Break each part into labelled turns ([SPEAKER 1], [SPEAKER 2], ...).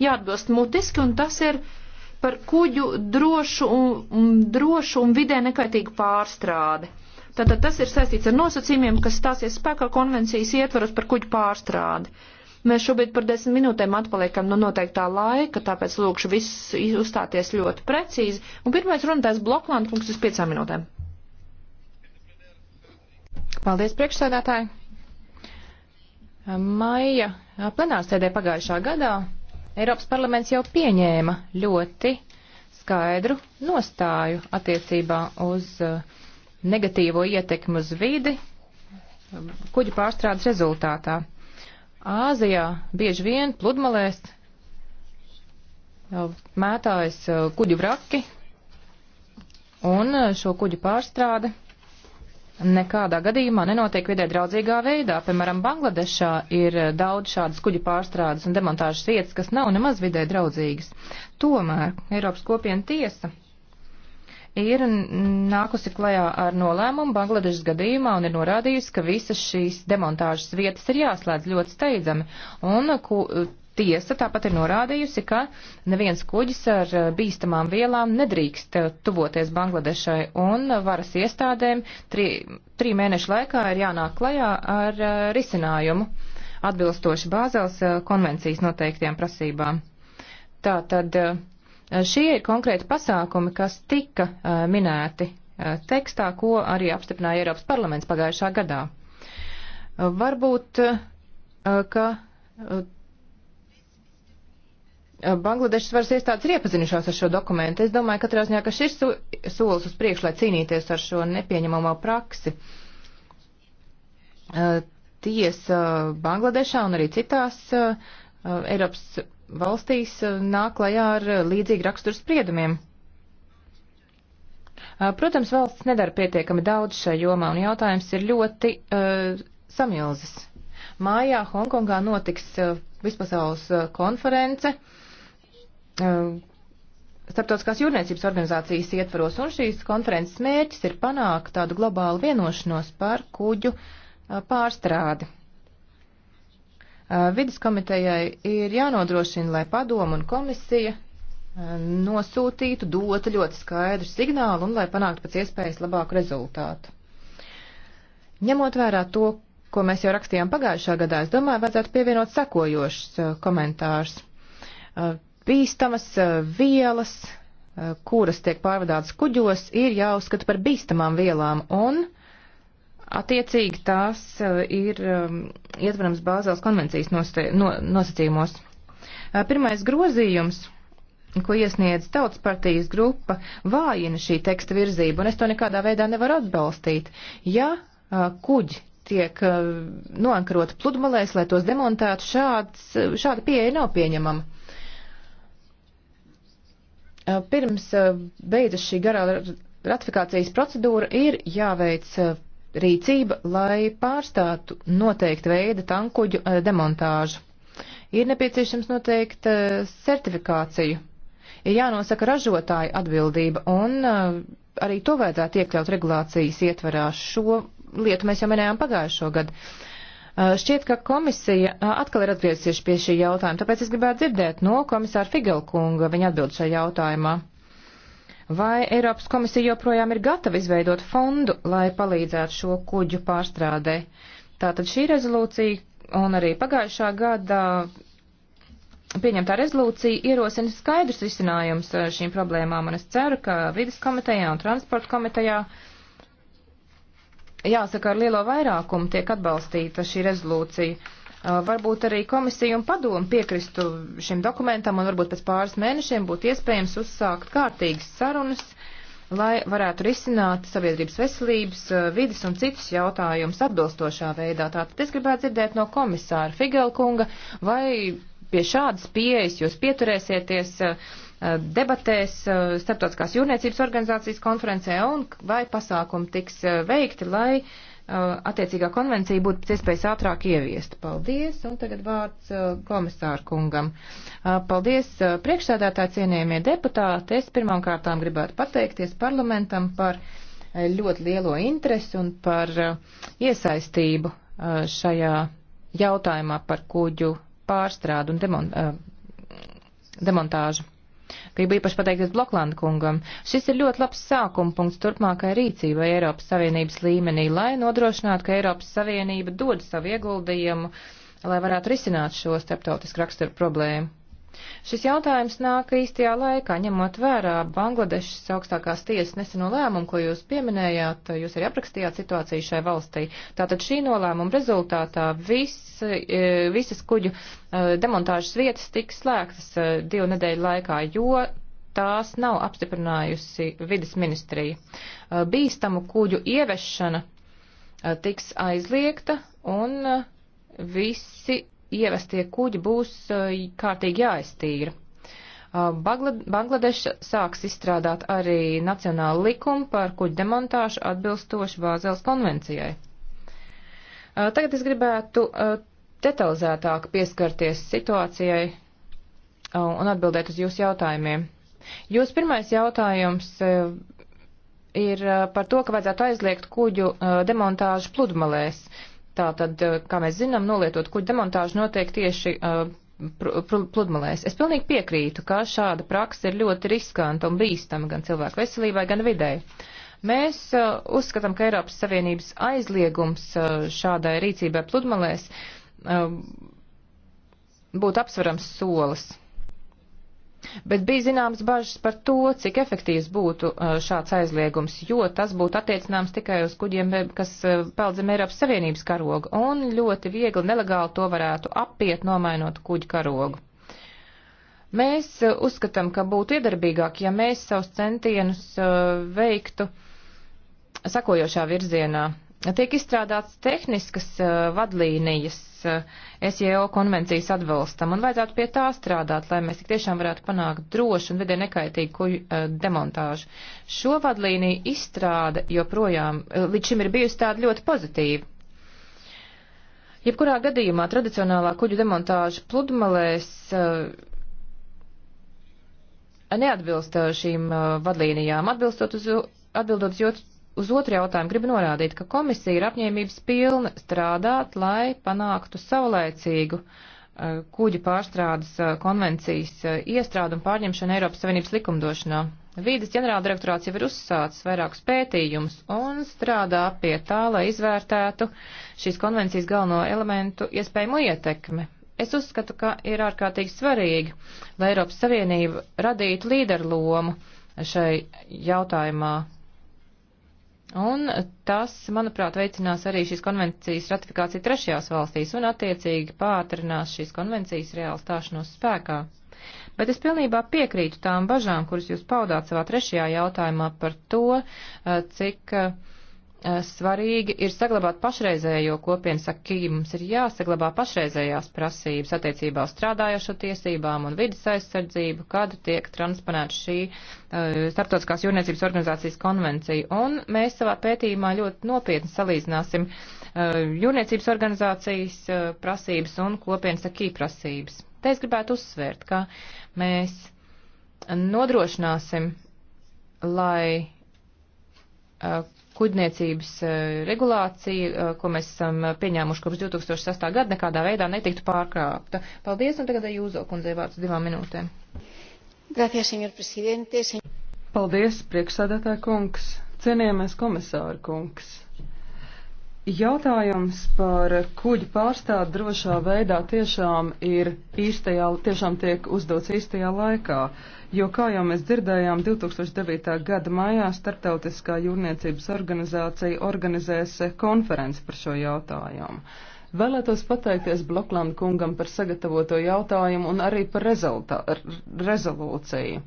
[SPEAKER 1] jāatbilst mutiski, un tas ir par kuģu drošu un, un, drošu un vidē nekaitīgu pārstrādi. Tātad tas ir saistīts ar nosacījumiem, kas stāsies spēkā konvencijas ietvaros par kuģu pārstrādi. Mēs šobrīd par desmit minūtēm atpaliekam no noteiktā laika, tāpēc lūkšu visus uzstāties ļoti precīzi. Un pirmais runātājs Bloklāna kungs uz piecām minūtēm. Paldies, priekšsēdētāji! Maija plenārsēdē pagājušā gadā Eiropas parlaments jau pieņēma ļoti skaidru nostāju attiecībā uz eh, negatīvo ietekmi uz vidi kuģu pārstrādes rezultātā. Āzijā bieži vien pludmalēs eh, mētājas eh, kuģu vraki, un šo kuģu pārstrāde nekādā gadījumā nenotiek vidē draudzīgā veidā. Piemēram, Bangladešā ir daudz šādas kuģu pārstrādes un demontāžas vietas, kas nav nemaz vidē draudzīgas. Tomēr Eiropas kopiena tiesa ir nākusi klajā ar nolēmumu Bangladešas gadījumā un ir norādījusi, ka visas šīs demontāžas vietas ir jāslēdz ļoti steidzami. Un ku, Tiesa tāpat ir norādījusi, ka neviens kuģis ar eh, bīstamām vielām nedrīkst eh, tuvoties Bangladešai, un varas iestādēm tri, trī mēnešu laikā ir jānāk klajā ar eh, risinājumu atbilstoši Bāzels konvencijas noteiktajām prasībām. Tātad šie ir konkrēti pasākumi, kas tika minēti tekstā, ko arī apstiprināja Eiropas parlaments pagājušā gadā. Varbūt, ka Eh, Bangladešas varas iestādes ir iepazinušās ar šo dokumentu. Es domāju, katrā ziņā, ka šis solis uz priekšu, lai cīnīties ar šo nepieņemamo praksi. Eh, tiesa Bangladešā un arī citās eh, Eiropas valstīs nāk klajā ar līdzīgu raksturu spriedumiem. Protams, valsts nedara pietiekami daudz šajā jomā, un jautājums ir ļoti uh, samilzis. Mājā Hongkongā notiks uh, vispasaules uh, konference. Uh, Ehm, starptautiskās jūrniecības organizācijas ietvaros, un šīs konferences mērķis ir panākt tādu globālu vienošanos par kuģu eh, pārstrādi. Ehm, Vides komitejai ir jānodrošina, lai padomu un komisija ehm, nosūtītu dotu ļoti skaidru signālu un lai panāktu pēc iespējas labāku rezultātu. Ņemot vērā to, ko mēs jau rakstījām pagājušā gadā, es domāju, vajadzētu pievienot sekojošus eh, komentārus bīstamas vielas, kuras tiek pārvadātas kuģos, ir jāuzskata par bīstamām vielām, un attiecīgi tās ir ietverams Bāzēlas konvencijas no, nosacījumos. Pirmais grozījums, ko iesniedz Tautas partijas grupa, vājina šī teksta virzību, un es to nekādā veidā nevaru atbalstīt. Ja kuģi tiek noankaroti pludmalēs, lai tos demontētu, šāds, šāda pieeja nav pieņemama. Eh, pirms eh, beidzas šī garā ratifikācijas procedūra ir jāveic eh, rīcība, lai pārstātu noteikta veida tankuģu demontāžu. Ir nepieciešams noteikt certifikāciju, ir jānosaka ražotāja atbildība, un arī to vajadzētu iekļaut regulācijas ietvarā. Šo lietu mēs jau minējām pagājušo gadu. Eh, šķiet, ka komisija eh, atkal ir atgriezusies pie šī jautājuma, tāpēc es gribētu dzirdēt no komisāra Figelkunga viņa atbild šajā jautājumā. Vai Eiropas komisija joprojām ir gatava izveidot fondu, lai palīdzētu šo kuģu pārstrādē? Tātad šī rezolūcija un arī pagājušā gada pieņemtā rezolūcija ierosina skaidrs risinājums eh, šīm problēmām, un es ceru, ka vidas komitejā un transporta komitejā uh, jāsaka, ar lielo vairākumu tiek atbalstīta šī rezolūcija. Uh, varbūt arī komisija un padomu piekristu šim dokumentam un varbūt pēc pāris mēnešiem būtu iespējams uzsākt kārtīgas sarunas, lai varētu risināt sabiedrības veselības, uh, vidas un citus jautājumus atbilstošā veidā. Tātad es gribētu dzirdēt no komisāra Figelkunga, vai pie šādas pieejas jūs pieturēsieties. Uh, debatēs eh, starptautiskās jūrniecības organizācijas konferencē un vai pasākumi tiks eh, veikti, lai eh, attiecīgā konvencija būtu pēc iespējas ātrāk ieviesta. Paldies, un tagad vārds komisāru kungam. Paldies, priekšsēdētāji cienījamie deputāti. Es pirmām kārtām gribētu pateikties parlamentam par ļoti lielo interesi un par iesaistību šajā jautājumā par kuģu pārstrādu un demon, demontāžu. Gribu īpaši pateikties Bloklanda kungam. Šis ir ļoti labs sākuma punkts turpmākai rīcībai Eiropas Savienības līmenī, lai nodrošinātu, ka Eiropas Savienība dod savu ieguldījumu, lai varētu risināt šo starptautisku raksturu problēmu. Šis jautājums nāk īstajā laikā, ņemot vērā Bangladešas augstākās tiesas neseno lēmumu, ko jūs pieminējāt, jūs arī aprakstījāt situāciju šai valstī. Tātad šī nolēmuma rezultātā vis, e, visas kuģu e, demontāžas vietas tiks slēgtas e, divu nedēļu laikā, jo tās nav apstiprinājusi vidas ministrija. Bīstamu kuģu ievešana tiks aizliegta un visi ievestie kuģi būs eh, kārtīgi jāiztīra. Eh, Bangladeša sāks izstrādāt arī nacionālu likumu par kuģu demontāžu atbilstoši Bāzeles konvencijai. Eh, Tagad es gribētu detalizētāk pieskarties situācijai un atbildēt uz jūsu jautājumiem. Jūsu pirmais jautājums ir par to, ka vajadzētu aizliegt kuģu demontāžu pludmalēs. Tātad, eh, kā mēs zinām, nolietot kuģu demontāžu notiek tieši eh, pludmalēs. Es pilnīgi piekrītu, ka šāda praksa ir ļoti riskanta un bīstama gan cilvēku veselībai, gan videi. Mēs uh, uzskatām, ka Eiropas Savienības aizliegums uh, šādai rīcībai pludmalēs uh, būtu apsverams solis. Bet bija zināms bažas par to, cik efektīvs būtu uh, šāds aizliegums, jo tas būtu attiecināms tikai uz kuģiem, eh, kas eh, peldzam Eiropas Savienības karogu, un ļoti viegli nelegāli to varētu apiet, nomainot kuģu karogu. Mēs eh, uzskatām, ka būtu iedarbīgāk, ja mēs savus centienus veiktu sakojošā virzienā tiek izstrādāts tehniskas uh, vadlīnijas uh, eh, SJO e konvencijas atbalstam, un vajadzētu pie tā strādāt, lai mēs tik tiešām varētu panākt drošu un vidē nekaitīgu kuģu uh, eh, demontāžu. Šo vadlīniju izstrāde joprojām līdz šim ir bijusi tāda ļoti pozitīva. Jebkurā gadījumā tradicionālā kuģu demontāža pludmalēs neatbilst šīm vadlīnijām, atbilstot uz, atbildot uz Uz otru jautājumu gribu norādīt, ka komisija ir apņēmības pilna strādāt, lai panāktu savlaicīgu uh, kuģu pārstrādes uh, konvencijas uh, iestrādu un pārņemšanu Eiropas Savienības likumdošanā. Vīdas ģenerāldirektorāts jau ir uzsācis vairākus pētījumus un strādā pie tā, lai izvērtētu šīs konvencijas galveno elementu iespējamo ietekmi. Es uzskatu, ka ir ārkārtīgi svarīgi, lai Eiropas Savienība radītu līderu lomu šai jautājumā Un tas, manuprāt, veicinās arī šīs konvencijas ratifikāciju trešajās valstīs un attiecīgi pātrinās šīs konvencijas reāli stāšanos spēkā. Bet es pilnībā piekrītu tām bažām, kuras jūs paudāt savā trešajā jautājumā par to, eh, cik uh, Eh, svarīgi ir saglabāt pašreizējo kopienas akī. Mums ir jāsaglabā pašreizējās prasības attiecībā uz strādājošo tiesībām un vidas aizsardzību, kad tiek transponēta šī uh, starptautiskās jūrniecības organizācijas konvencija. Un mēs savā pētījumā ļoti nopietni salīdzināsim uh, jūrniecības organizācijas uh, prasības un kopienas akī prasības. Te es gribētu uzsvērt, ka mēs nodrošināsim, lai uh, kuģniecības eh, regulācija, eh, ko mēs esam eh, pieņēmuši kopš 2006. gada, nekādā veidā netiktu pārkrāpta. Paldies, un tagad Jūzo kundzei vārds divām minūtēm. Gracias, senor presidente. Sen...
[SPEAKER 2] Paldies, priekšsādātā kungs, cienījamies komisāra kungs. Jautājums par kuģu pārstāvu drošā veidā tiešām ir īstajā, tiešām tiek uzdots īstajā laikā, jo, kā jau mēs dzirdējām, 2009. gada maijā Startautiskā jūrniecības organizācija organizēs konferenci par šo jautājumu. Vēlētos pateikties Bloklanda kungam par sagatavoto jautājumu un arī par rezultā, rezolūciju.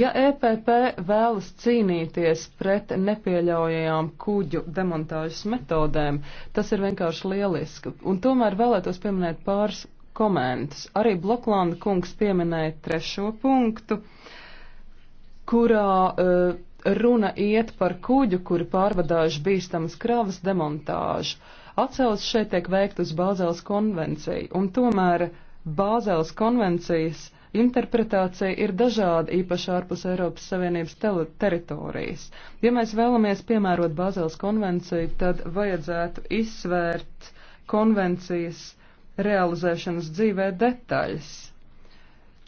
[SPEAKER 2] Ja EPP vēlas cīnīties pret nepieļaujajām kuģu demontāžas metodēm, tas ir vienkārši lieliski. Un tomēr vēlētos pieminēt pāris komentus. Arī Bloklanda kungs pieminēja trešo punktu, kurā. Uh, runa iet par kuģu, kuri pārvadājuši bīstamas kravas demontāžu. Atcaucas šeit tiek veikt uz Bāzēlas konvenciju, un tomēr Bāzēlas konvencijas interpretācija ir dažāda īpaši ārpus Eiropas Savienības teritorijas. Ja mēs vēlamies piemērot Bāzēlas konvenciju, tad vajadzētu izsvērt konvencijas realizēšanas dzīvē detaļas.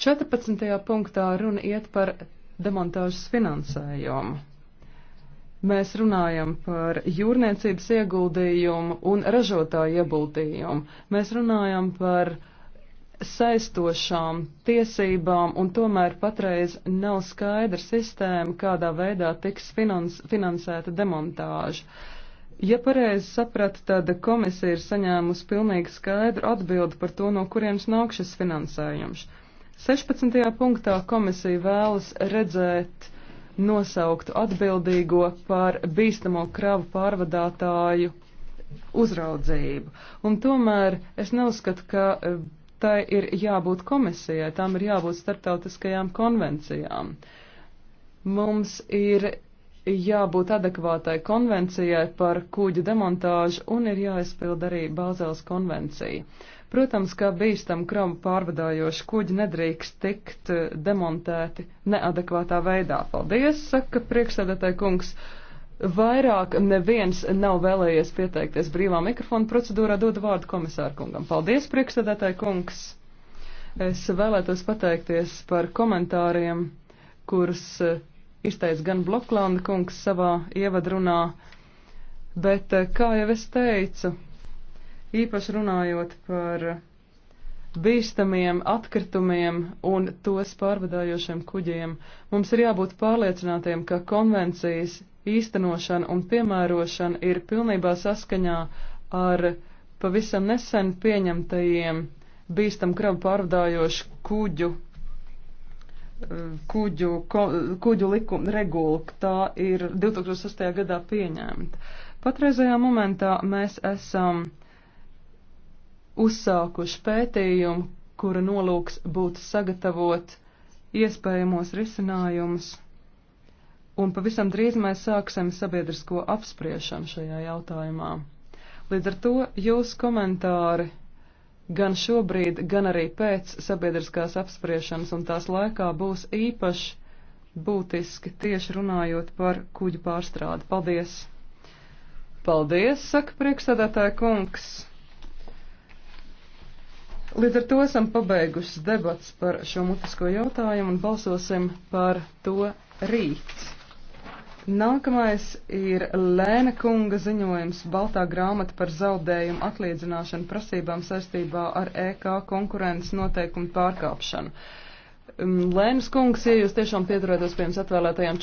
[SPEAKER 2] 14. punktā runa iet par demontāžas finansējumu. Mēs runājam par jūrniecības ieguldījumu un ražotāju ieguldījumu. Mēs runājam par saistošām tiesībām, un tomēr patreiz nav skaidra sistēma, kādā veidā tiks finans, finansēta demontāža. Ja pareizi sapratu, tad komisija ir saņēmusi pilnīgi skaidru atbildi par to, no kurienes nāk šis finansējums. 16. punktā komisija vēlas redzēt nosauktu atbildīgo par bīstamo kravu pārvadātāju uzraudzību. Un tomēr es neuzskatu, ka eh, tai ir jābūt komisijai, tām ir jābūt starptautiskajām konvencijām. Mums ir jābūt adekvātai konvencijai par kuģu demontāžu un ir jāizpild arī Bāzēlas konvencija. Protams, kā bīstam kravu pārvadājoši kuģi nedrīkst tikt eh, demontēti neadekvātā veidā. Paldies, saka priekšsēdētāji kungs. Vairāk neviens nav vēlējies pieteikties brīvā mikrofona procedūrā. Dodu vārdu komisāru kungam. Paldies, priekšsēdētāji kungs. Es vēlētos pateikties par komentāriem, kurus eh, izteica gan Bloklanda kungs savā ievadrunā, bet, eh, kā jau es teicu, īpaši runājot par bīstamiem atkritumiem un tos pārvadājošiem kuģiem. Mums ir jābūt pārliecinātiem, ka konvencijas īstenošana un piemērošana ir pilnībā saskaņā ar pavisam nesen pieņemtajiem bīstam kravu pārvadājošu kuģu kuģu, ko, kuģu likuma regulu, tā ir 2008. gadā pieņemta. Patreizajā momentā mēs esam uzsākuši pētījumu, kura nolūks būtu sagatavot iespējamos risinājumus, un pavisam drīz mēs sāksim sabiedrisko apspriešanu šajā jautājumā. Līdz ar to jūsu komentāri gan šobrīd, gan arī pēc sabiedriskās apspriešanas un tās laikā būs īpaši būtiski tieši runājot par kuģu pārstrādi. Paldies! Paldies, saka priekšsēdētāja kungs! Līdz ar to esam pabeigusi debats par šo mutisko jautājumu un balsosim par to rīt. Nākamais ir Lēna kunga ziņojums Baltā grāmata par zaudējumu atliedzināšanu prasībām saistībā ar EK konkurences noteikumu pārkāpšanu. Um, Lēnas kungs, ja jūs tiešām pieturētos pie jums atvēlētajām četrām.